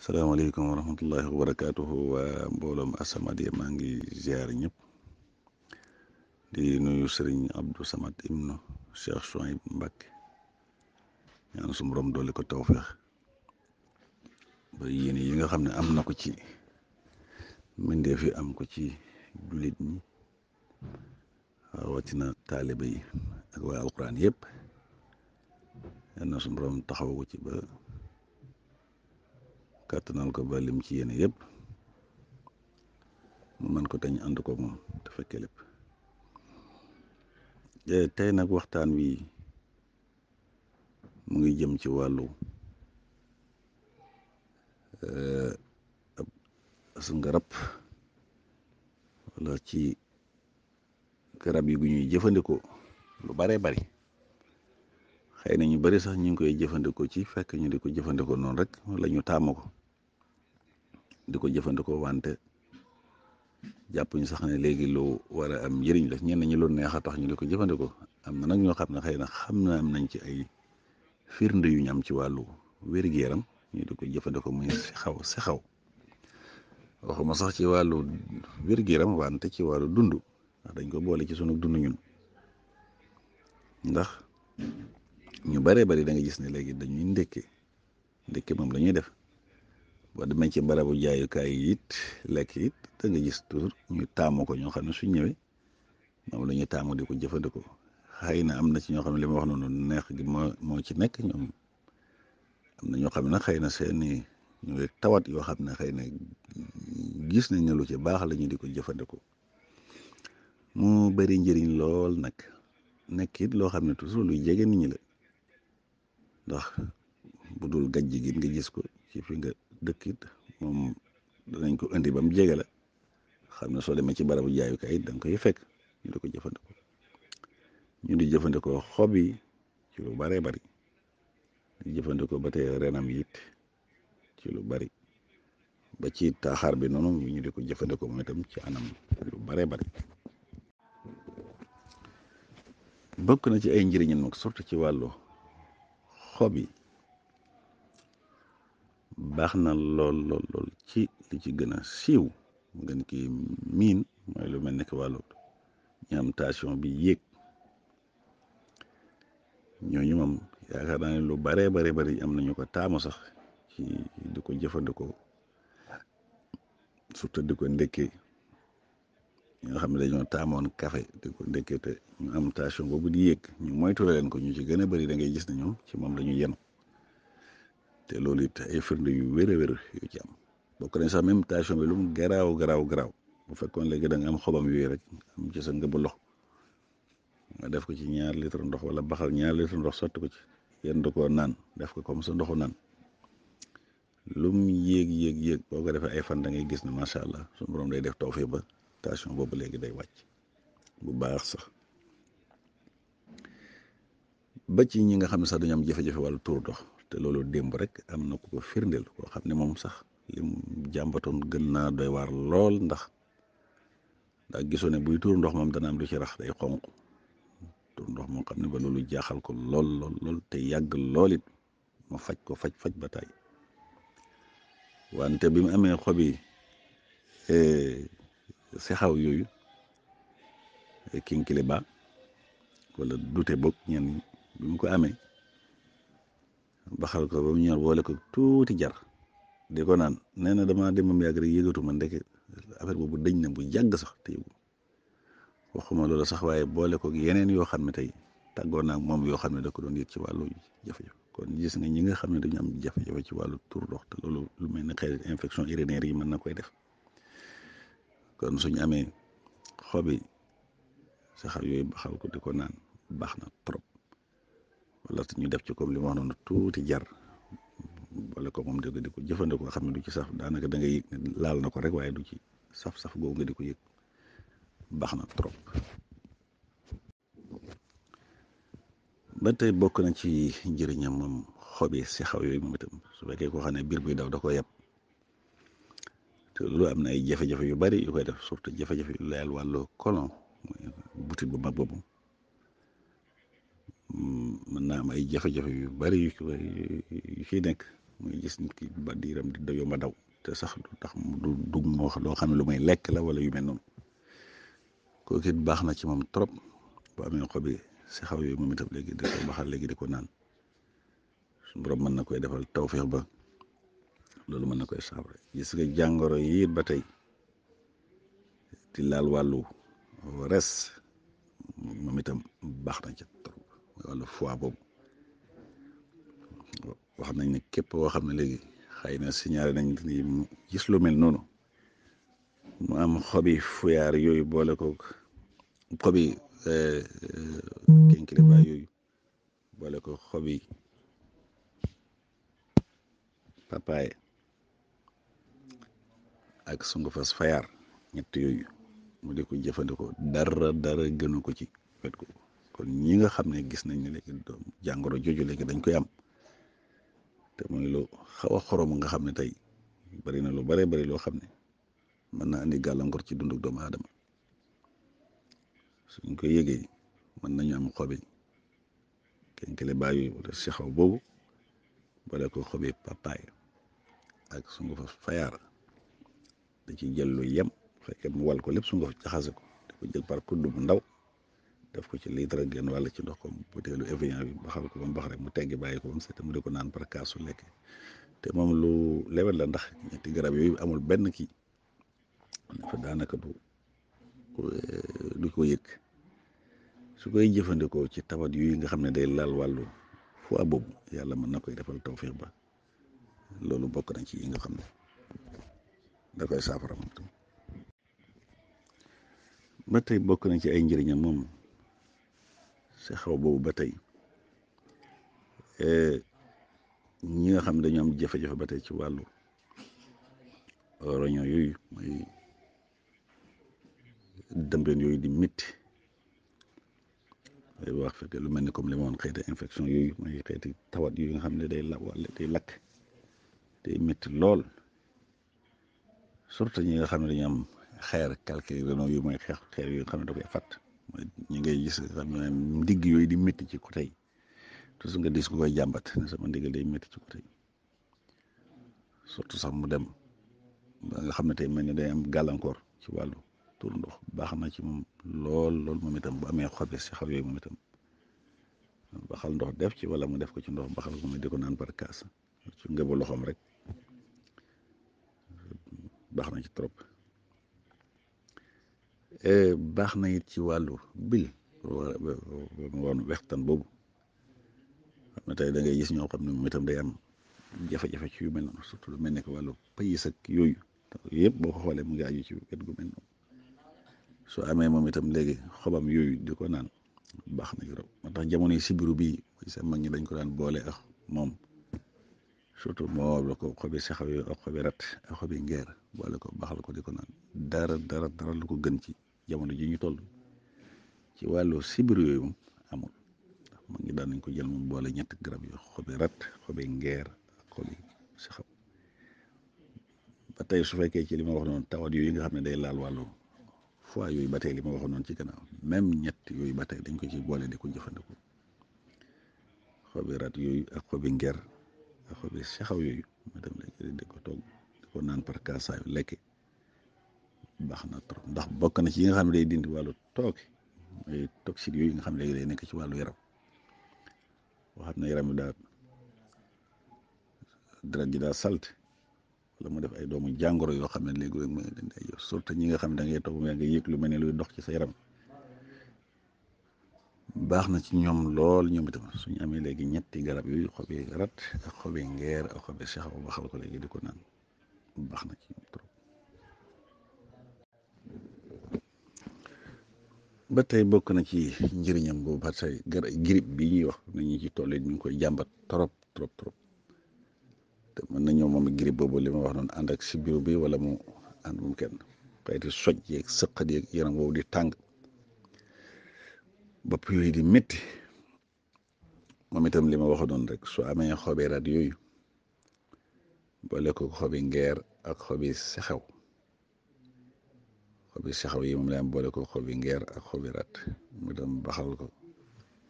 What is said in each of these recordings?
salaamaaleykum wa rahmatullahi wa barakaatuhu waa mbooloom as samad maa ngi ziar ñëpp di nuyu sëriñ Abdou Samad ibnu Cheikh Chouaib Mbacke ñaan su borom doole ko tawféex ba yéen yi nga xam ne am na ko ci am ko ci jullit ñi rawatina taaliba yi ak waa alquran yëpp ñaan na su borom taxaw ko ba. kàttanal ko ba lim ci yéene yëpp mu mën ko teñ ànd ko moom te fekke lépp e, tey nag waxtaan wi mu ngi jëm ci wàllu e, as ngarab wala ci garab yi gu ñuy jëfandikoo lu baree bari xëy na ñu bari sax ñu ngi koy jëfandikoo ci fekk ñu di ko jëfandikoo noonu rek wala ñu taamu ko di ko jëfandikoo wante jàpp ñu sax ne léegi lu wara am njëriñ la ñenn ñi lu neex a tax ñu di ko jëfandikoo am na nag ñoo xam ne xëy na xam na am nañ ci ay firnde yu ñu am ci wàllu wér yaram di ko jëfandikoo muy si xaw si xaw waxuma sax ci wàllu wér gu wante ci wàllu dund ndax dañ ko boole ci sunu dund ñun ndax ñu baree bari da nga gis ne léegi dañuy ndékki ndékki moom lañuy def. boo demee ci barabu jaayukaay yi it lekk it da nga gis toujours ñu taamu ko ñoo xam ne su ñëwee moom la ñu taamu di ko jëfandikoo xëy na am na ci ñoo xam ne li ma wax noonu neex gi moo ci nekk ñoom am na ñoo xam ne xëy na seen i ñu ngi tawat yoo xam ne xëy na gis nañ ne lu ci baax lañu di ko jëfandikoo mu bari njëriñ lool nag nekk it loo xam ne toujours lu jege nit ñi la bu dul gajj gi nga gis ko ci dëkk moom danañ ko indi ba mu jege la xam ne soo demee ci barabu jaayukaay it da koy fekk ñu di ko jëfandikoo ñu di jëfandikoo xob yi ci lu bëree bari di jëfandikoo ba tey renam it ci lu bari ba ci taaxaar bi noonu ñu di ko jëfandikoo moom itam ci anam lu bëree bari bokk na ci ay njëriñam nag surtout ci wàllu xob baax na lool lool lool ci li ci gën a siiw gën ki miin mooy lu mel ni que wàllu ñu am tension bi yéeg ñooñu moom yaakaar naa ne lu baree bare bari am nañu ko taamu sax ci di ko jëfandikoo surtout di ko ndekkee ñoo xam ne dañoo taamoon café di ko ndekkee te ñu am tension boobu di yéeg ñu moytu leen ko ñu ci gën a bari da ngay gis na ñoom ci moom la ñu yenu te loolu it ay firnde yu wér a yu ci am bokk nañ sax même tension bi lu mu garaaw garaaw garaaw bu fekkoon léegi da nga am xobam yooyu rek am ci sa ngëbu lox nga def ko ci ñaar litre ndox wala baxal ñaar litre ndox sotti ko ci yenn da koo naan def ko comme sa ndoxu naan lum yéeg yéeg yéeg boo ko defee ay fan da ngay gis ne macha allah suñu borom day def tawféeg ba tension boobu léegi day wàcc bu baax sax ba ci ñi nga xam ne sax dañu am jafe-jafe wàllu tuur ndox te loolu démb rek am na ku ko firndeel koo xam ne moom sax lim jàmbatoon gën naa doy waar lool ndax ndax gisoo buy tuur ndox moom dana am lu ci rax day xonq tuur ndox moo xam ne ba loolu jaaxal ko lool lool te yàgg lool it ma faj ko faj faj ba tay wante bi mu amee xob yi e, si xaw yooyu e, kinkile ba wala dute boog ñenn bi ko amee. baxal ko ba mu ñor boole ko tuuti jar di ko naan nee na damaa dem ba mu yàgg rek yëgatu ma ndeke affaire boobu dëñ na bu yàgg sax te waxuma loolu sax waaye boole ko yeneen yoo xam ne tey tàggoon naa moom yoo xam ne da ko doon yëg ci wàllu jafe-jafe kon gis nga ñi nga xam ne dañu am jafe-jafe ci wàllu tur ndox te loolu lu mel ne xeetu infection urinaire yi mën na koy def kon suñ amee xobi saxar yooyu baxal ko di ko naan baax na trop. wala ñu def ci comme li ma wax noonu tuuti jar wala ko moom dëgg di ko jëfandikoo xam ne du ci saf daanaka da ngay laal na ko rek waaye du ci saf-saf googu nga di ko yëg na trop. ba tey bokk na ci njëriñam moom xobi si xaw yooyu moom itam su fekkee koo xam ne biir buy daw da ko yab te loolu am na ay jafe-jafe yu bari yu koy def surtout jafe-jafe yu layal wàllu colon butit bu mag boobu Mm, mën naa am ay jafe-jafe yu bari yu ci yu ciy nekk muy gis nit ki ba diiram di da yomba daw te sax du tax du dugg moo xam ne lu may lekk la wala yu mel noonu kooku it baax na ci moom trop bu amee xobi si xaw yooyu moom itam léegi di ko baxal léegi di ko naan suñu borom mën na koy defal tawféex ba loolu mën na koy saafara gis nga jàngoro yi ba tey di laal wàllu res moom itam baax na wàllu foi boobu waxam nañ ne képp koo xam ne léegi xëy na signalé nañ ni mu gis lu mel noonu mu am fuyar fuyaar yooyu boole ko xobi eh, eh, kinkiliba mm-hmm. yooyu boole ko xobi papaay ak sungu fayar ñett yooyu mu di ko jëfandikoo dara dara gënu ko ci wet ko kon ñi nga xam ne gis nañ ne léegi doom jàngoro jooju léegi dañ koy am te mooy lu xaw xorom nga xam ne tey bari na lu baree bari loo xam ne mën na andi gàllankoor ci dundu doomu aadama suñ ko yëgee mën nañu am xobi kenkele bàyyi wala si xaw boobu wala ko xobi papaay ak sungu fa fayaar da ci jël lu yem fekkee mu wal ko lépp sungu fa ko da ko jël par kudd ndaw def ko ci litre ak genn wàll ci ndox comme butéelu Evian bi baxal ko ba mu mu teggi bàyyi ko ba mu set mu di ko naan par kaasu lekk te moom lu lewet la ndax ñetti garab yooyu amul benn kii dafa daanaka du du ko yëg su koy jëfandikoo ci tawat yu nga xam ne day laal wàllu foie boobu yàlla mën na koy defal tawféex ba loolu bokk nañ ci yi nga xam ne da koy saafara moom ba tey bokk nañ ci ay njëriñam moom. si xew boobu ba tey e, ñi nga xam ne dañoo am jafe-jafe ba tey ci wàllu roño yooyu mooy dëmbeen yooyu di métti day wax fekk lu mel ni comme li ma infection yooyu mooy xeeti tawat yu nga xam ne day la wala day lakk day métti lool surtout ñi nga xam ne dañu am xeer calcul rénaux yu mooy xeex xeer yu nga xam ne da koy ñi ngay gis xam ne ndigg yooyu di métti ci côté yi su nga dis ku koy jàmbat ne sama ndigg day métti ci côté yi surtout sax mu dem ba nga xam ne tey mel ni day am gàllankoor ci wàllu tur ndox baax na ci moom lool lool moom itam bu amee xobe si xaw yooyu moom itam baxal ndox def ci wala mu def ko ci ndox baxal ko mu di ko naan par kaas ci ngëbu loxoom rek baax na ci trop. Eh, baax na yit ci wàllu bil woon wextan boobu xam ne tey da ngay gis ñoo xam ne moom itam day am jafe-jafe ci yu mel noonu surtout lu mel ne que wàllu pays ak yooyu yëpp boo ko xoolee mu ngi aju ci wet gu mel noonu soo amee moom itam léegi xobam yooyu di naan baax na ci moo tax jamono yi sibiru bii sa mag ñi dañ ko daan boole moom surtout moo la ko xobi saxaw yooyu ak xobi rat ak xobi ngeer boole ko baaxal ko di ko naan dara dara dara lu ko gën ci jamono ji ñu toll ci wàllu sibir yooyu moom amul ndax ma ngi daan nañ ko jël moom boole ñetti garab yu xobi rat xobi ngeer ak xobi saxaw ba tey su fekkee ci li ma wax noonu tawat yooyu nga xam ne day laal wàllu yooyu ba tey li ma wax noonu ci gannaaw même ñett yooyu ba tey dañ ko ci boole di ko jëfandikoo xobi rat yooyu ak xobi ngeer ak xobi saxaw yooyu ma dem léegi di ko togg di ko naan par kaasaayu lekk. baax na trop ndax bokk na ci yi nga xam ne day dindi wàllu tooke ay toxiques yi nga xam ne léegi day nekk ci wàllu yaram boo na ne yaram bi daa deret ji daa salte wala mu def ay doomu jàngoro yoo xam ne léegi mooy surtout ñi nga xam ne da ngay toog nga yëg lu mel ne luy dox ci sa yaram baax na ci ñoom lool ñoom itam suñu amee léegi ñetti garab yooyu xobi rat ak xobi ngeer ak xobi saxaw ko léegi di ko naan baax na ci ñoom trop. ba tey bokk na ci njëriñam boobu ba tey grippe bi ñuy wax nañu ci toll ñu ngi koy jàmbat trop trop trop te mën na ñëw moom grippe boobu li ma wax noon ànd ak sibiru bi wala mu ànd mu kenn xeeti soj yeeg sëqat yeeg yaram boobu di tàng bopp yooyu di metti moom itam li ma wax noonu rek su amee xobe rajo yooyu boole ko xobi ngeer ak xobi sexew xobi saxaw yi moom lay am boole ko xobi ngeer ak xobi rat mu dem baxal ko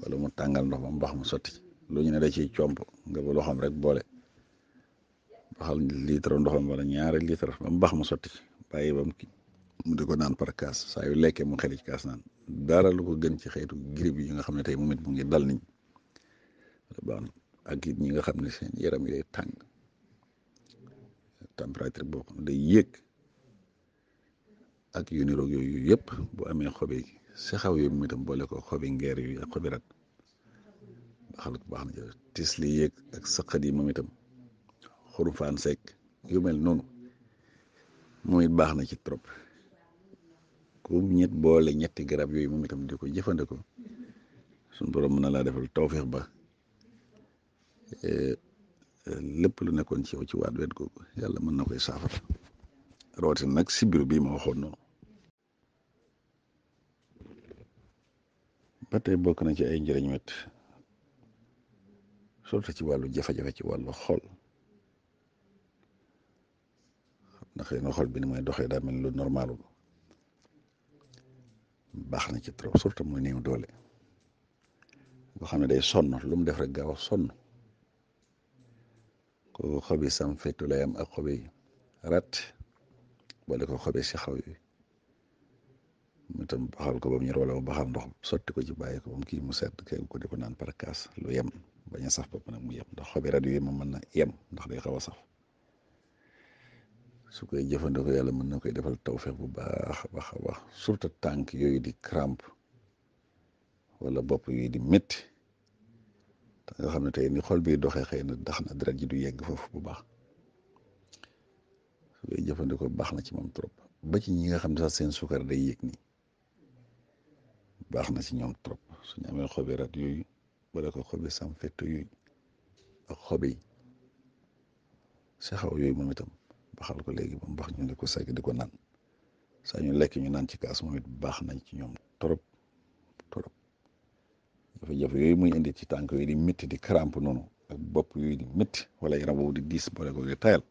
wala mu tàngal ndox ba mu bax mu sotti lu ñu ne da ciy comp nga ba loo xam rek boole baxal litre ndoxam wala ñaari litre ba mu bax mu sotti bàyyi ba mu kii mu di ko naan par kaas saa yu lekkee mu xeli ci kaas naan dara lu ko gën ci xeetu grippe yi nga xam ne tey moom it mu ngi dal niñ na ak it ñi nga xam ne seen yaram yi day tàng température boo xam ne ak yu niroog yooyu yëpp boo amee xobi si xaw yi moom itam boole ko xobi ngeer yi ak xobi rat baax na jël tisli yeeg ak saqat yi moom itam xurufaan sek yu mel noonu moom it baax na ci trop ku ñett boole ñetti garab yooyu moom itam di ko jëfandikoo sun borom mën na laa defal tawféex ba e, e, lépp lu nekkoon ci yow ci waat wet googu mën na koy saafara rawatina nag si bi bii ma waxoon noonu ba tey bokk na ci ay njëriñ wet surtout ci wàllu jafe-jafe ci wàllu xol ndax xëy na xol bi ni may doxee daa mel lu normalul baax na ci trop surtout muy néew doole boo xam ne day sonn lu def rek gaaw a sonn ko xobi sam fetu ak xobi rat boole ko xobi si xaw yi itam baxal ko ba mu ñor wala mu baxal ndox sotti ko ci bàyyi ko ba mu kii mu sedd kay ko di ko naan par kaas lu yem bañ saf ba mu nag mu yem ndax xobi rajo yi moom mën na yem ndax day xaw a saf su koy jëfandikoo yàlla mën na koy defal tawfeex bu baax a baax a baax surtout tànk yooyu di crampe wala bopp di métti te nga xam ne tey ni xol bi doxee xëy na tax na deret ji du yegg foofu bu baax su koy jëfandikoo baax na ci moom trop ba ci ñi nga xam ne sax seen sukar day yëg nii baax na ci ñoom trop suñu amee xobi rat yooyu wala ko xobi sam fett yooyu ak xobi saxaw yooyu moom itam baxal ko léegi ba mu baax ñu ne ko segg di ko naan sax ñu lekk ñu naan ci kaas moom baax nañ ci ñoom trop trop jafe-jafe yooyu muy indi ci tànk yooyu di métti di cramp noonu ak bopp yooyu di wala yaram boobu di diis boole ko di tayal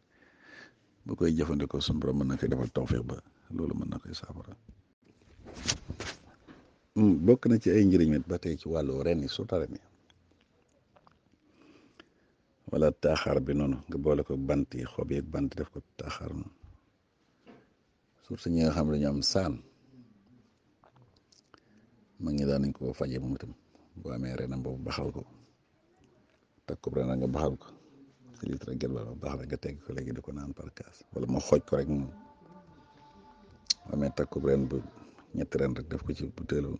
bu koy jëfandikoo suñu borom mën na koy defal tawféex ba loolu mën na koy saafara. Hmm, bokk na ci ay njëriñ mit ba tey ci wàllu ren yi sutare mi wala taaxaar bi noonu nga boole ko bant yi xob yeeg bant def ko taaxaar noonu surtout ñi nga xam ne am saan ma ngi daan nañ ko mu moom itam boo amee renam boobu baxal ko takk ko renam nga baxal ko si litre gel ba baax na nga tegg ko léegi di ko naan par kaas wala ma xooj ko rek moom amee takk ko ren ñetti ren rek def ko ci butéelu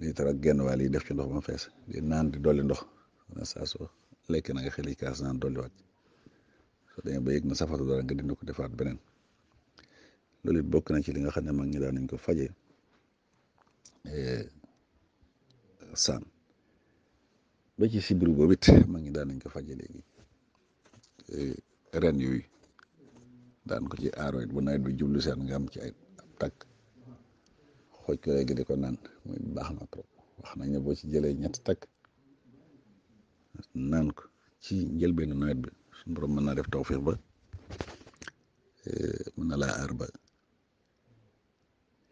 litre ak genn wàll yi def ci ndox ba mu fees di naan di dolli ndox na saa soo lekk na kaas naan dolli waat soo ba yëg na safatu dara nga dindi ko defaat beneen loolu it bokk na ci li nga xam ne mag ñi daan nañ ko faje eh, saan ba ci sibiru boobu it mag ñi daan nañ ko faje léegi eh, ren yooyu daan ko ci aaro bu nawet bi jublu seen nga am ci ay takk xooj ko léegi naan muy baax na trop wax nañ ne boo ci jëlee ñetti takk naan ko ci njëlbeenu nawet bi suñu borom mën naa def tawfiix ba eh, mën na laa aar ba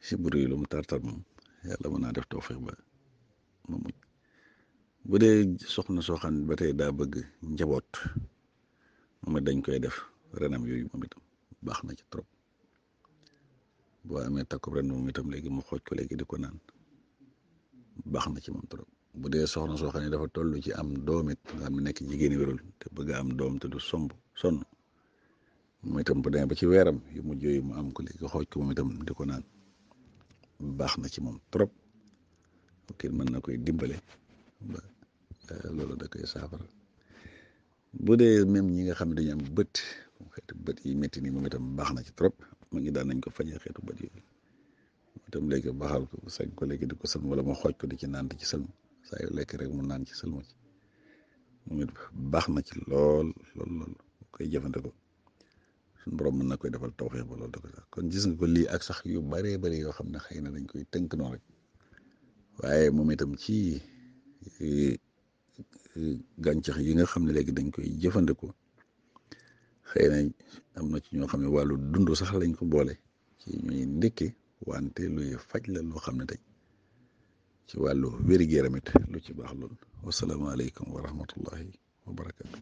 si buru yi lu mu tartar moom mën naa def tawfiix ba mu mucc bu dee soxna soo ba tey daa bëgg njaboot moom it dañ koy def renam yooyu moom itam baax na ci trop boo amee takkub ren moom itam léegi mu xooj ko léegi di ko naan baax na ci moom trop bu dee soxna soo xam ne dafa toll ci am doom it nga xam ne nekk jigéen wérul te bëgg am doom te du somb sonn moom itam bu demee ba ci weeram yu mujj yooyu mu am ko léegi xooj ko moom itam di ko naan baax na ci moom trop kii mën na koy dimbale ba eh, loolu da koy saafara bu dee même ñi nga xam ne dañu am bët xeeti bët yi métti nii moom itam baax na ci trop mag ngi daan nañ ko fañee xeetu bët yooyu itam léegi baxal ko sañ ko léegi di ko sëlmu wala ma xooj ko di ci naan di ci sëlmu saa yu lekk rek mu naan ci sëlmu ci moom it baax na ci lool lool lool koy jëfandikoo suñu borom mën na koy defal tawfeex ba loolu da ko sax kon gis nga ko lii ak sax yu bëree bëri yoo xam ne xëy na dañ koy tënk noonu rek waaye moom itam ci eh, eh, gàncax yi nga xam ne léegi dañ koy jëfandikoo xëy nañ am na ci ñoo xam ne wàllu dund sax lañ ko boole ci ñuy ndékke wante luy faj la loo xam ne tañ ci wàllu wér-gu-yaram lu ci baax lool wasalaamaaleykum wa rahmatullahi wa barakatu